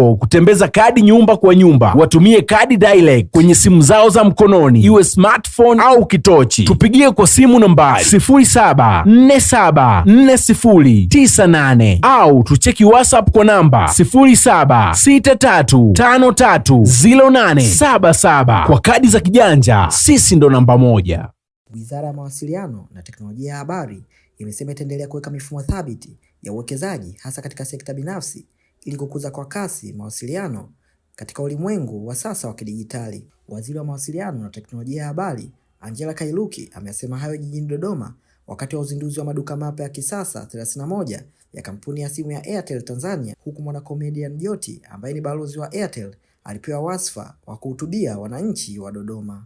yako kutembeza kadi nyumba kwa nyumba. Watumie kadi dialect kwenye simu zao za mkononi, iwe smartphone au kitochi. Tupigie kwa simu nambari 07474098 au tucheki WhatsApp kwa namba 0763530877. Kwa kadi za kijanja, sisi ndo namba moja. Wizara ya Mawasiliano na Teknolojia ya Habari imesema itaendelea kuweka mifumo thabiti ya uwekezaji hasa katika sekta binafsi ili kukuza kwa kasi mawasiliano katika ulimwengu wa sasa wa kidijitali. Waziri wa Mawasiliano na Teknolojia ya Habari, Angela Kairuki, amesema hayo jijini Dodoma wakati wa uzinduzi wa maduka mapya ya kisasa 31 ya kampuni ya simu ya Airtel Tanzania, huku mwanakomedian Joti ambaye ni balozi wa Airtel alipewa wasfa wa kuhutubia wananchi wa Dodoma.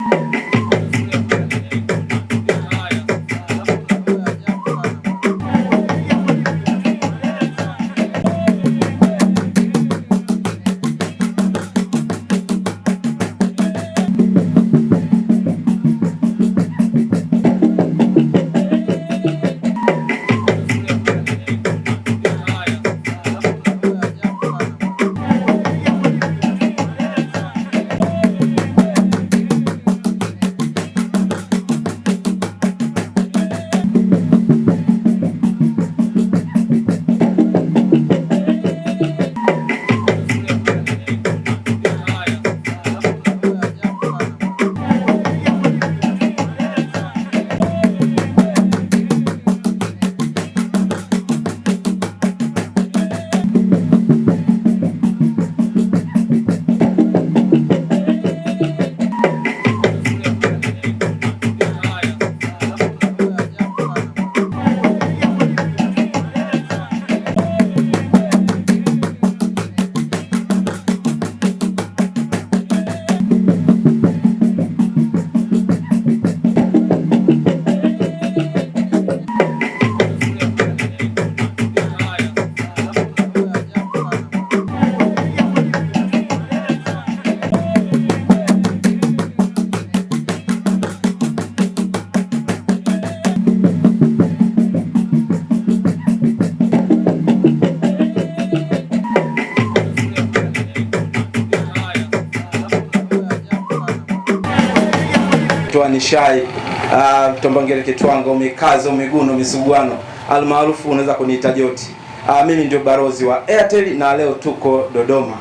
kutoa nishai uh, ah, tombongele kitwango mikazo miguno misuguano almaarufu unaweza kuniita Joti. Uh, mimi ndio barozi wa Airtel na leo tuko Dodoma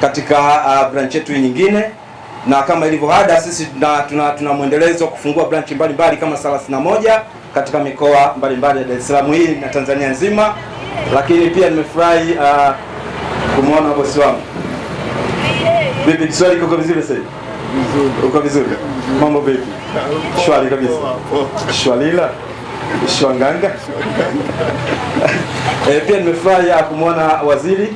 katika uh, branch yetu nyingine, na kama ilivyo ada sisi tuna, tuna, tuna mwendelezo kufungua branch mbalimbali kama 31 katika mikoa mbalimbali ya Dar es Salaam hii na Tanzania nzima, lakini pia nimefurahi uh, kumwona bosi wangu Bibi Kiswahili, kuko vizuri sasa? Uko vizuri? Mambo vipi? Shwari kabisa. Shwalila. Shwanganga. Eh, pia nimefurahi kumwona waziri.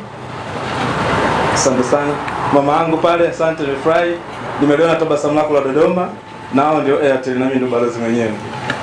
Asante sana. Mama yangu pale, asante nimefurahi. Nimeliona tabasamu lako la Dodoma. Nao ndio Airtel na mimi ndo balozi mwenyewe.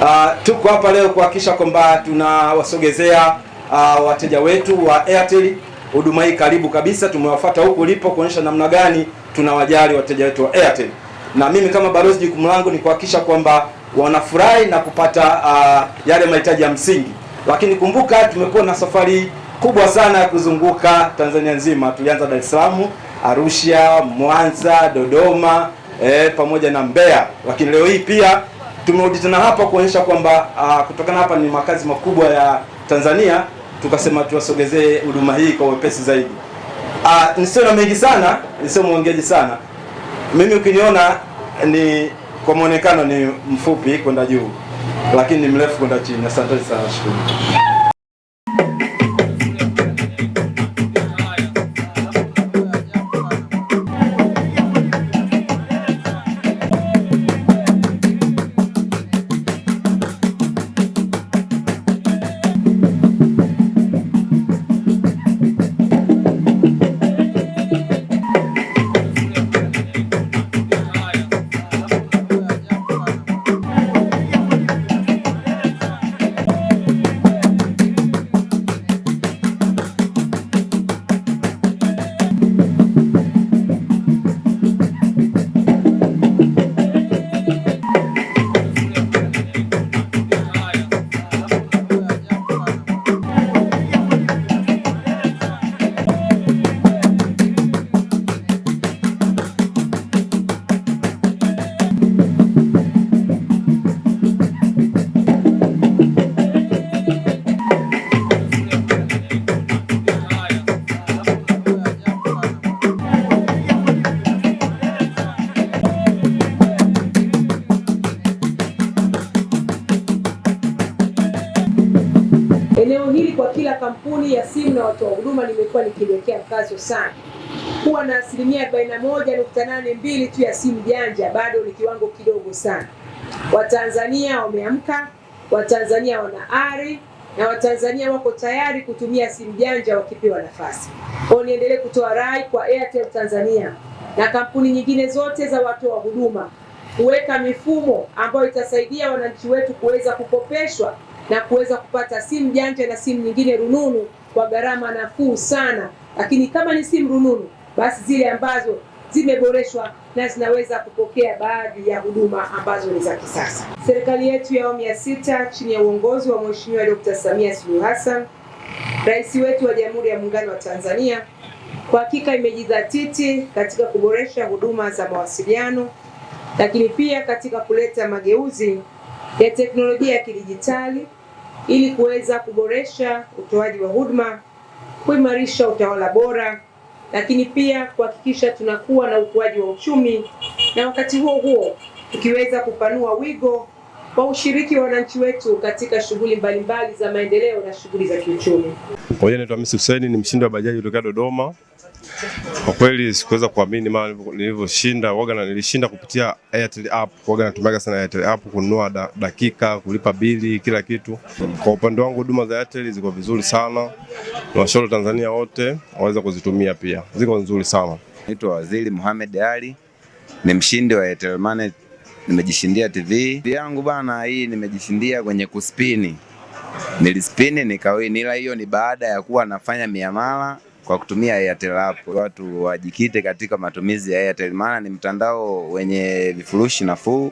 Uh, ah, tuko hapa leo kuhakikisha kwamba tunawasogezea uh, wateja wetu wa Airtel huduma hii karibu kabisa. Tumewafuata huko ulipo kuonyesha namna gani tunawajali wateja wetu wa Airtel, na mimi kama balozi jukumu langu ni kuhakikisha kwamba wanafurahi na kupata uh, yale mahitaji ya msingi. Lakini kumbuka tumekuwa na safari kubwa sana ya kuzunguka Tanzania nzima. Tulianza Dar es Salaam, Arusha, Mwanza, Dodoma eh, pamoja na Mbeya, lakini leo hii pia tumerudi tena hapa kuonyesha kwamba uh, kutokana hapa ni makazi makubwa ya Tanzania, tukasema tuwasogezee huduma hii kwa wepesi zaidi. Ah, nisio na mengi sana, nisio mwongeaji sana. Mimi ukiniona ni kwa mwonekano ni mfupi kwenda juu, lakini ni mrefu kwenda chini. Asante sana, shukrani. wa huduma limekuwa likiwekea mkazo sana kuwa na asilimia arobaini na moja nukta nane mbili tu ya simu janja bado ni kiwango kidogo sana. Watanzania wameamka, Watanzania wana ari na Watanzania wako tayari kutumia simu janja wakipewa nafasi. Kwa niendelee kutoa rai kwa Airtel Tanzania na kampuni nyingine zote za watoa wa huduma kuweka mifumo ambayo itasaidia wananchi wetu kuweza kukopeshwa na kuweza kupata simu janja na simu nyingine rununu kwa gharama nafuu sana, lakini kama ni simu rununu, basi zile ambazo zimeboreshwa na zinaweza kupokea baadhi ya huduma ambazo ni za kisasa. Serikali yetu ya awamu ya sita chini ya uongozi wa Mheshimiwa Dr. Samia Suluhu Hassan, Rais wetu wa Jamhuri ya Muungano wa Tanzania, kwa hakika imejidhatiti katika kuboresha huduma za mawasiliano, lakini pia katika kuleta mageuzi ya teknolojia ya kidijitali ili kuweza kuboresha utoaji wa huduma, kuimarisha utawala bora, lakini pia kuhakikisha tunakuwa na ukuaji wa uchumi, na wakati huo huo tukiweza kupanua wigo kwa ushiriki wa wananchi wetu katika shughuli mbalimbali za maendeleo na shughuli za kiuchumi. Kwa jina naitwa Hamisi Hussein, ni mshindi wa bajaji kutoka Dodoma. Kwa kweli sikuweza kuamini mara nilivyoshinda. Waga na nilishinda kupitia Airtel app. Waga natumaga sana Airtel app kununua da, dakika, kulipa bili, kila kitu. Kwa upande wangu huduma za Airtel ziko vizuri sana. Nawashauri Tanzania wote waweze kuzitumia pia. Ziko nzuri sana. Naitwa Waziri Mohamed Ali. Ni mshindi wa Airtel Money. Nimejishindia TV yangu bana, hii nimejishindia kwenye kuspini. Nilispini nikawini, ila hiyo ni baada ya kuwa nafanya miamala kwa kutumia Airtel app. Watu wajikite katika matumizi ya Airtel, maana ni mtandao wenye vifurushi nafuu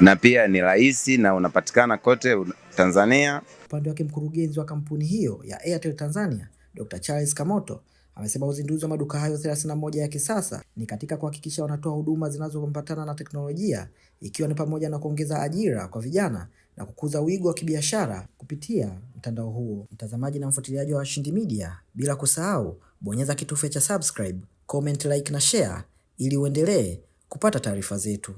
na pia ni rahisi na unapatikana kote Tanzania. Upande wake mkurugenzi wa kampuni hiyo ya Airtel Tanzania Dr. Charles Kamoto Amesema uzinduzi wa maduka hayo 31 ya kisasa ni katika kuhakikisha wanatoa huduma zinazoambatana na teknolojia ikiwa ni pamoja na kuongeza ajira kwa vijana na kukuza wigo wa kibiashara kupitia mtandao huo. Mtazamaji na mfuatiliaji wa Washindi Media, bila kusahau bonyeza kitufe cha subscribe, comment, like na share ili uendelee kupata taarifa zetu.